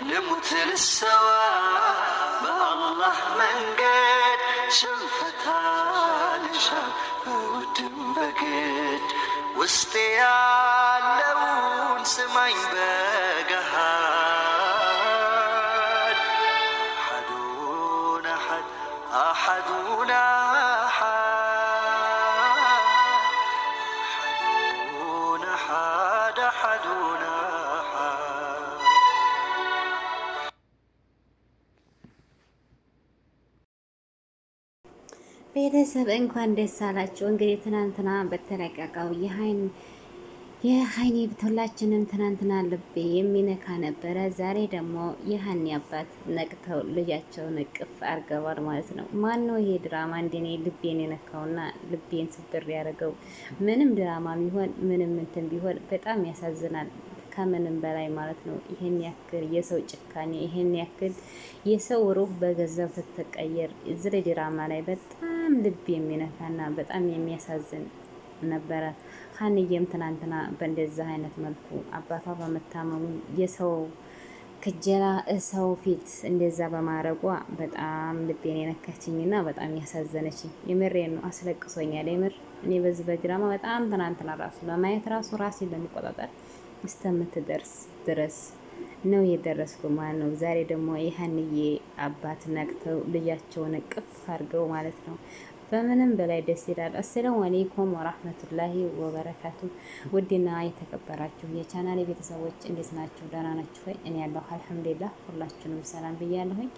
لمت للسواب الله من قد شفتها لشاف ودم بقيت وسطي يعلون سمعي بقهاد أحدون أحد أحدون أحد ቤተሰብ እንኳን ደስ አላችሁ። እንግዲህ ትናንትና በተለቀቀው የሀይን የሀይኒ ሁላችንም ትናንትና ልቤ የሚነካ ነበረ። ዛሬ ደግሞ የሀኒ አባት ነቅተው ልጃቸውን እቅፍ አርገዋል ማለት ነው። ማን ነው ይሄ ድራማ እንደኔ ልቤን የነካውና ልቤን ስብር ያደረገው? ምንም ድራማ ቢሆን ምንም እንትን ቢሆን በጣም ያሳዝናል። ከምንም በላይ ማለት ነው። ይህን ያክል የሰው ጭካኔ፣ ይህን ያክል የሰው ሩህ በገንዘብ ስትቀየር ዝሬ ድራማ ላይ በጣም በጣም ልብ የሚነካና በጣም የሚያሳዝን ነበረ። ሀንዬም ትናንትና በእንደዚህ አይነት መልኩ አባቷ በመታመሙ የሰው ክጀላ እሰው ፊት እንደዛ በማረጓ በጣም ልቤን የነካችኝ የነካችኝና በጣም ያሳዘነችኝ የምር ነው። አስለቅሶኛል። የምር እኔ በዚህ በድራማ በጣም ትናንትና ራሱ ለማየት ራሱ ራሴን ለመቆጣጠር እስከምትደርስ ድረስ ነው የደረስኩ ማለት ነው። ዛሬ ደግሞ የሀንዬ አባት ነቅተው ልጃቸውን እቅፍ አድርገው ማለት ነው። በምንም በላይ ደስ ይላል። አሰላሙ አሌይኩም ወራህመቱላሂ ወበረካቱ። ውድና የተከበራችሁ የቻናል ቤተሰቦች እንዴት ናችሁ? ደህና ናችሁ ወይ? እኔ ያለሁ አልሐምዱሊላህ። ሁላችሁንም ሰላም ብያለሁኝ።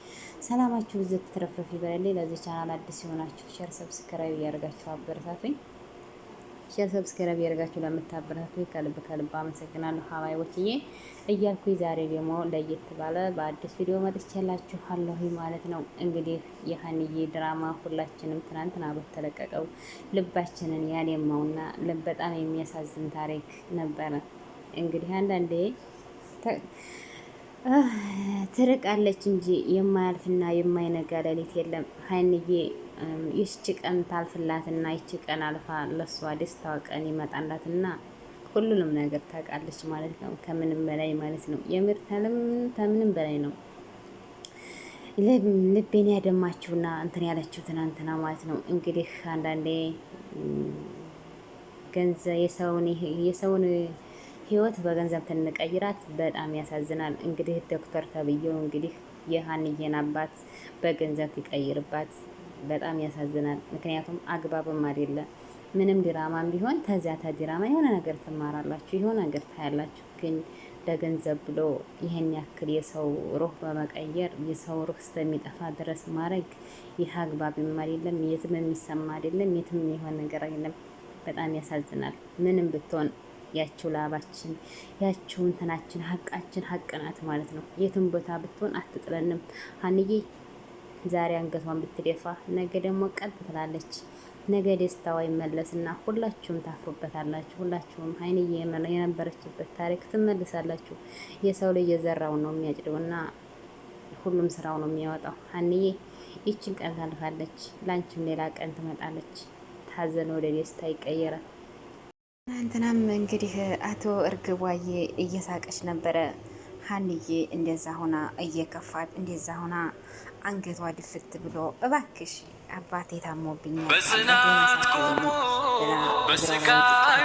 ሰላማችሁ ዝት ትረፍረፍ ይበለልኝ። ለዚህ ቻናል አዲስ የሆናችሁ ሸር፣ ሰብስክራይብ እያደርጋችሁ አበረታቱኝ። ሼር፣ ሰብስክራይብ ያደርጋችሁ ለምታበረታቱ ከልብ ከልብ አመሰግናለሁ። ሀዋይ ወችዬ እያልኩ ዛሬ ደግሞ ለየት ባለ በአዲስ ቪዲዮ መጥቼላችኋለሁ ማለት ነው። እንግዲህ የሀንዬ ድራማ ሁላችንም ትናንትና በተለቀቀው ልባችንን ያደማውና በጣም የሚያሳዝን ታሪክ ነበረ። እንግዲህ አንዳንዴ ትርቃለች እንጂ የማያልፍና የማይነጋ ሌሊት የለም። ሀይንዬ ይህች ቀን ታልፍላትና ይህች ቀን አልፋ ለሷ ደስታዋ ቀን ይመጣላትና ሁሉንም ነገር ታውቃለች ማለት ነው። ከምንም በላይ ማለት ነው። የምር ከምንም በላይ ነው። ልቤን ያደማችሁና እንትን ያለችው ትናንትና ማለት ነው። እንግዲህ አንዳንዴ ገንዘብ የሰውን ህይወት በገንዘብ ትንቀይራት በጣም ያሳዝናል። እንግዲህ ዶክተር ተብዬው እንግዲህ የሀንዬን አባት በገንዘብ ትቀይርባት በጣም ያሳዝናል። ምክንያቱም አግባብም አይደለም። ምንም ድራማም ቢሆን ተዚያ ዲራማ የሆነ ነገር ትማራላችሁ፣ የሆነ ነገር ታያላችሁ። ግን ለገንዘብ ብሎ ይህን ያክል የሰው ሩህ በመቀየር የሰው ሩህ እስከሚጠፋ ድረስ ማድረግ ይህ አግባብም አይደለም። የትም የሚሰማ አይደለም። የትም የሆነ ነገር አይደለም። በጣም ያሳዝናል። ምንም ብትሆን ያቸው ላባችን ያቸው እንትናችን ሀቃችን ሀቅ ናት ማለት ነው። የትም ቦታ ብትሆን አትጥለንም። ሀንዬ ዛሬ አንገቷን ብትደፋ ነገ ደግሞ ቀጥ ትላለች። ነገ ደስታዋ ይመለስና ሁላችሁም ታፍሩበታላችሁ። ሁላችሁም ሀይንዬ የነበረችበት ታሪክ ትመልሳላችሁ። የሰው ልጅ የዘራው ነው የሚያጭደውና ሁሉም ስራው ነው የሚያወጣው። ሀንዬ ይችን ቀን ታልፋለች፣ ለአንቺም ሌላ ቀን ትመጣለች። ታዘን ወደ ደስታ ይቀየራል። ትናንትናም እንግዲህ አቶ እርግቧዬ እየሳቀች ነበረ። ሀንዬ እንደዛ ሆና እየከፋት እንደዛ ሆና አንገቷ ድፍት ብሎ እባክሽ አባቴ ታሞብኛል በስናት ቆሞ በስቃይ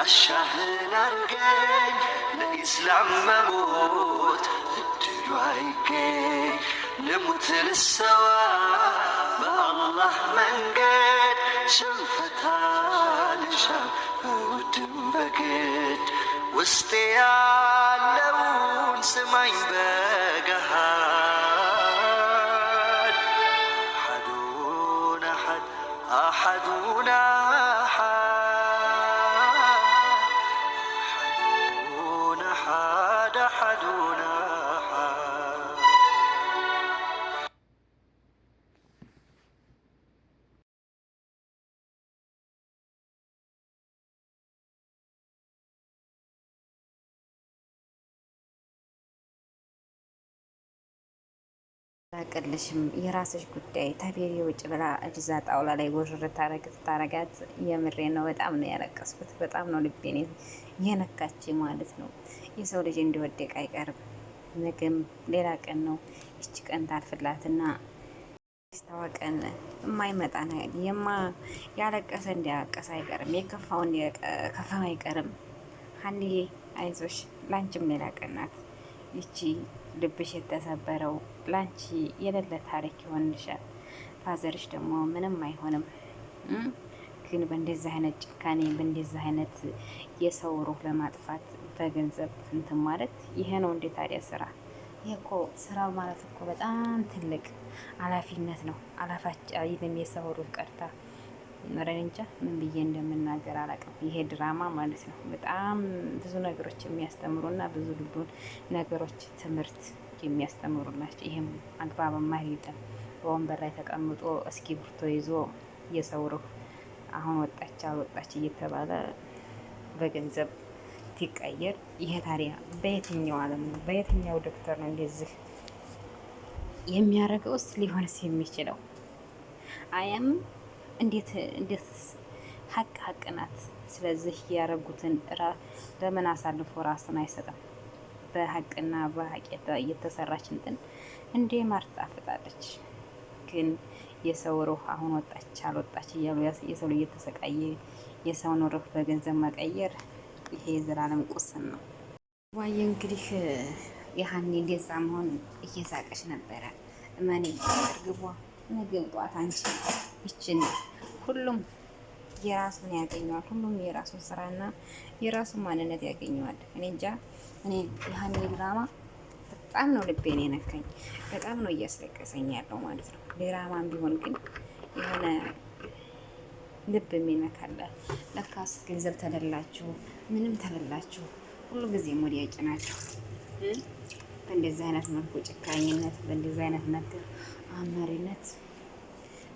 رشحنا نجاي لإسلام مموت قتلوا هيجاي نموت للسوا ما الله منجد شنفتها لشام ودم بجد وسطي علون سمعي بجهات አላቅልሽም የራስሽ ጉዳይ ተቤሪ ውጭ ብላ እዛ ጣውላ ላይ ወርር ታረግ ታረጋት። የምሬ ነው። በጣም ነው ያለቀስኩት። በጣም ነው ልቤን የነካች ማለት ነው። የሰው ልጅ እንዲወደቅ አይቀርም። ነገም ሌላ ቀን ነው። ይች ቀን ታልፍላትና ስታዋ ቀን የማይመጣ ነገር የማ ያለቀሰ እንዲያለቀሰ አይቀርም። የከፋው ከፋ አይቀርም። ሀንዬ አይዞሽ፣ ላንችም ሌላ ቀናት ይቺ ልብሽ የተሰበረው ላንቺ የሌለ ታሪክ ይሆንልሻል። ፋዘርሽ ደግሞ ምንም አይሆንም። ግን በእንደዚህ አይነት ጭካኔ በእንደዚህ አይነት የሰው ሩህ ለማጥፋት በገንዘብ እንትን ማለት ይሄ ነው እንዴ ታዲያ ስራ? ይሄ እኮ ስራ ማለት እኮ በጣም ትልቅ ኃላፊነት ነው። አላፋጫ አይልም የሰው ሩህ ቀርታ መረንጃ ምን ብዬ እንደምናገር አላውቅም። ይሄ ድራማ ማለት ነው በጣም ብዙ ነገሮች የሚያስተምሩና ብዙ ልቡን ነገሮች ትምህርት የሚያስተምሩ ናቸው። ይህም አግባብ አይደለም። በወንበር ላይ ተቀምጦ እስክሪብቶ ይዞ እየሰውረው አሁን ወጣች አልወጣች እየተባለ በገንዘብ ሲቀየር ይሄ ታዲያ በየትኛው ዓለም ነው? በየትኛው ዶክተር ነው እንደዚህ የሚያደርገውስ ሊሆንስ የሚችለው አያም እንዴት እንዴት ሀቅ ሀቅ ናት። ስለዚህ ያረጉትን ለምን አሳልፎ ራስን አይሰጥም? በሀቅና በሀቅ የተሰራች እንትን እንዴ ማርታ ፍጣለች። ግን የሰው ሩህ አሁን ወጣች አልወጣች እያሉ የሰው እየተሰቃየ የሰውን ሩህ በገንዘብ መቀየር ይሄ የዘላለም ቁስን ነው። ዋየ እንግዲህ ያህን እንደዛ መሆን እየሳቀች ነበረ። እመኔ እርግቧ ነገ ጧት አንቺ ይችን ሁሉም የራሱን ያገኘዋል። ሁሉም የራሱን ስራና የራሱን ማንነት ያገኘዋል። እኔ እንጃ እኔ የሀኒ ድራማ በጣም ነው ልቤን የነካኝ፣ በጣም ነው እያስለቀሰኝ ያለው ማለት ነው። ድራማም ቢሆን ግን የሆነ ልብ የሚነካለ ለካስ ገንዘብ ተደላችሁ ምንም ተለላችሁ፣ ሁሉ ጊዜ ወዲያጭ ናቸው። በእንደዚህ አይነት መልኩ ጭካኝነት፣ በእንደዚህ አይነት ነገር አማሪነት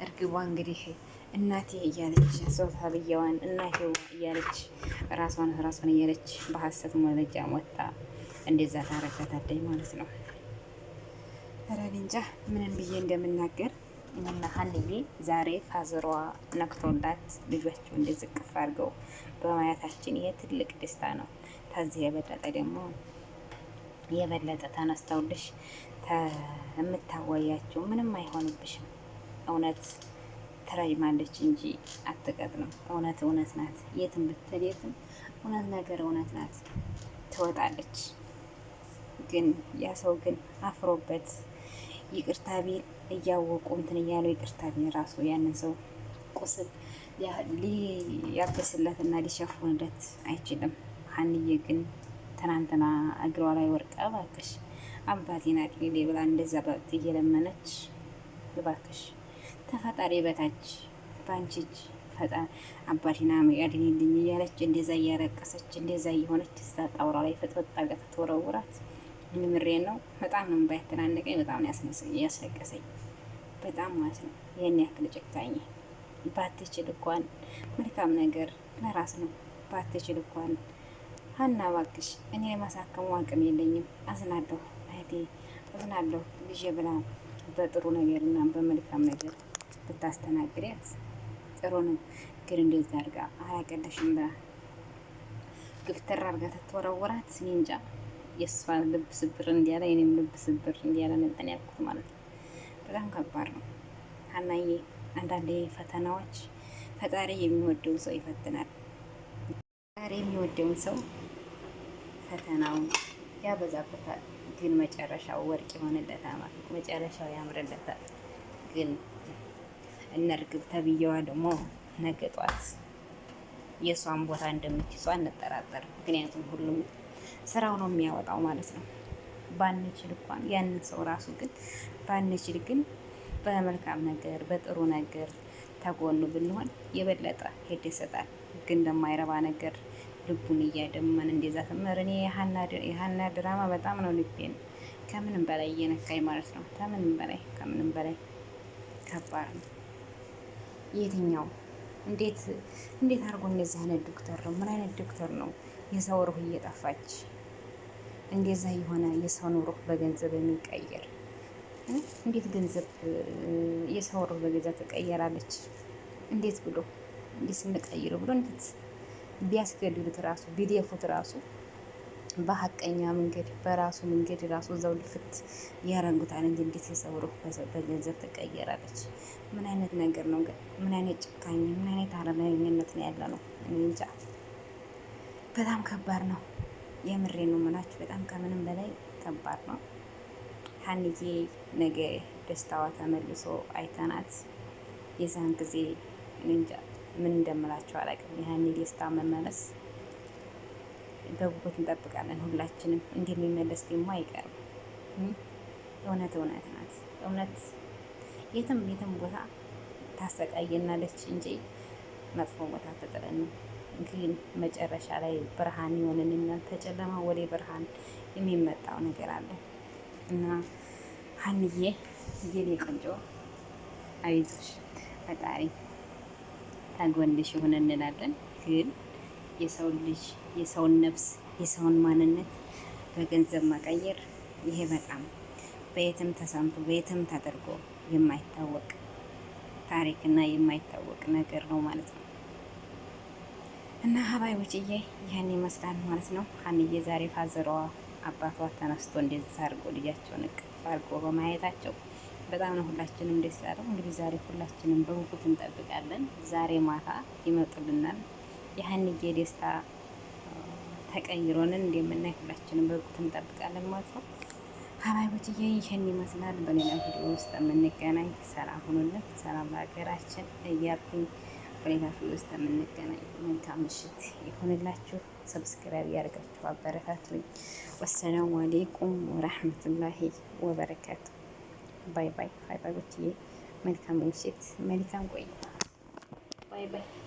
እርግቧ እንግዲህ እናቴ እያለች ሶታ ብያዋን እናቴ እያለች ራሷን ራሷን እያለች በሀሰት መለጃ ሞታ እንደዛ ታረጋታለች ማለት ነው። ኧረ እንጃ ምንን ብዬ እንደምናገር እና ሀንዬ ዛሬ ፋዘሯ ነክቶላት ልጆቸው ልጇቸው እንደዝቅፍ አድርገው በማየታችን ይሄ ትልቅ ደስታ ነው። ከዚህ የበለጠ ደግሞ የበለጠ ተነስተውልሽ የምታወያቸው ምንም አይሆንብሽም እውነት ትረጅማለች እንጂ አትቀጥልም። እውነት እውነት ናት። የትም ብትል የትም እውነት ነገር እውነት ናት ትወጣለች። ግን ያ ሰው ግን አፍሮበት ይቅርታ ቢል እያወቁ እንትን እያለው ይቅርታ ቢል ራሱ ያንን ሰው ቁስል ሊያበስለት እና ሊሸፍንለት አይችልም። ሀንዬ ግን ትናንትና እግሯ ላይ ወርቃ እባክሽ አባቴን አቅልሌ ብላ እንደዛ እየለመነች እባክሽ ከፈጣሪ በታች ባንቺ እጅ ፈጣን አባቴና ያድንልኝ እያለች እንደዛ እያለቀሰች እንደዛ እየሆነች እዛ ጣውራ ላይ ፈጥፈጥ አድርጋ ተወረውራት። ምሬን ነው በጣም ነው ባያተናነቀኝ በጣም ነው ያስለቀሰኝ፣ በጣም ማለት ነው። ይህን ያክል ጨካኝ ባትችል እንኳን መልካም ነገር ለራስ ነው። ባትችል እንኳን ሀና እባክሽ፣ እኔ ለማሳከሙ አቅም የለኝም። አዝናለሁ እህቴ፣ አዝናለሁ ልጄ ብላ በጥሩ ነገርና በመልካም ነገር ብታስተናግዳት ጥሩ ነው። ግን እንደዛ አድርጋ አላቀለሽም ግፍትር አድርጋ ተወረወራት። እኔ እንጃ የእሷ ልብ ስብር እንዲያለ የኔም ልብ ስብር እንዲያለ ነጠን ያልኩት ማለት ነው። በጣም ከባድ ነው ሀናዬ። አንዳንዴ ፈተናዎች ፈጣሪ የሚወደውን ሰው ይፈትናል። ፈጣሪ የሚወደውን ሰው ፈተናውን ያበዛበታል፣ ግን መጨረሻው ወርቅ ይሆንለታል መጨረሻው ያምርለታል ግን እነርግብ እርግብ ተብዬዋ ደግሞ ነገ ጧት የእሷን ቦታ እንደምትይዟ እንጠራጠር። ምክንያቱም ሁሉም ስራው ነው የሚያወጣው ማለት ነው። ባንችል እንኳን ያንን ሰው ራሱ ግን ባንችል ግን በመልካም ነገር በጥሩ ነገር ተጎኑ ብንሆን የበለጠ ሄድ ይሰጣል። ግን እንደማይረባ ነገር ልቡን እያደመን እንደዛ ትምህር እኔ የሀና ድራማ በጣም ነው ልቤን ከምንም በላይ እየነካኝ ማለት ነው። ከምንም በላይ ከምንም በላይ ከባድ ነው። የትኛው እንዴት እንዴት አድርጎ እንደዚህ አይነት ዶክተር ነው? ምን አይነት ዶክተር ነው? የሰው ሩህ እየጠፋች እንደዛ የሆነ የሰውን ሩህ በገንዘብ የሚቀየር? እንዴት ገንዘብ የሰው ሩህ በገንዘብ ትቀየራለች? እንዴት ብሎ እንዴት ስንቀይሩ ብሎ እንዴት ቢያስገድሉት ራሱ ቢደፉት ራሱ በሀቀኛ መንገድ በራሱ መንገድ ራሱ እዛው ልፍት ያረጉታል እንጂ እንዴት የሰው በገንዘብ ትቀየራለች? ምን አይነት ነገር ነው? ምን አይነት ጭካኝ፣ ምን አይነት አረመኔነት ነው ያለ ነው? እኔ እንጃ። በጣም ከባድ ነው። የምሬ ነው ምናችሁ። በጣም ከምንም በላይ ከባድ ነው። ሀንዬ ነገ ደስታዋ ተመልሶ አይተናት የዛን ጊዜ እንጃ ምን እንደምላቸው አላውቅም። የሀኒ ደስታ መመለስ በጉጉት እንጠብቃለን ሁላችንም። እንደሚመለስ ደግሞ አይቀርም። እውነት እውነት ናት። እውነት የትም የትም ቦታ ታሰቃየናለች እንጂ መጥፎ ቦታ ተጥለን ግን መጨረሻ ላይ ብርሃን ይሆንልናል። ተጨለማ ወደ ብርሃን የሚመጣው ነገር አለ እና ሀንዬ የኔ ቆንጆ አይዞሽ፣ ፈጣሪ ከጎንሽ ይሁን እንላለን ግን የሰውን ልጅ የሰውን ነፍስ የሰውን ማንነት በገንዘብ መቀየር ይሄ በጣም በየትም ተሰምቶ በየትም ተደርጎ የማይታወቅ ታሪክና የማይታወቅ ነገር ነው ማለት ነው። እና ሀባይ ውጭዬ ይህን ይመስላል ማለት ነው። ሀንዬ ዛሬ ፋዘሯዋ አባቷ ተነስቶ እንደዛ አድርጎ ልጃቸውን እቅፍ አድርጎ በማየታቸው በጣም ነው ሁላችንም ደስ ያለው። እንግዲህ ዛሬ ሁላችንም በጉጉት እንጠብቃለን። ዛሬ ማታ ይመጡልናል። የሀንዬ ደስታ ተቀይሮንን እንደምናይ ሁላችንም በጉጉት እንጠብቃለን ማለት ነው። ሀባይቦችዬ ይህን ይመስላል። በሌላ ቪዲዮ ውስጥ የምንገናኝ ሰላም ሁኑልን፣ ሰላም ለሀገራችን እያልኩኝ በሌላ ቪዲዮ ውስጥ የምንገናኝ መልካም ምሽት ይሁንላችሁ። ሰብስክራይብ ያደርጋችሁ አበረታቱኝ። ወሰላሙ አሌይኩም ወረሐመቱላሂ ወበረካቱ። ባይ ባይ ሀባይቦችዬ መልካም ምሽት፣ መልካም ቆይታ። ባይ ባይ።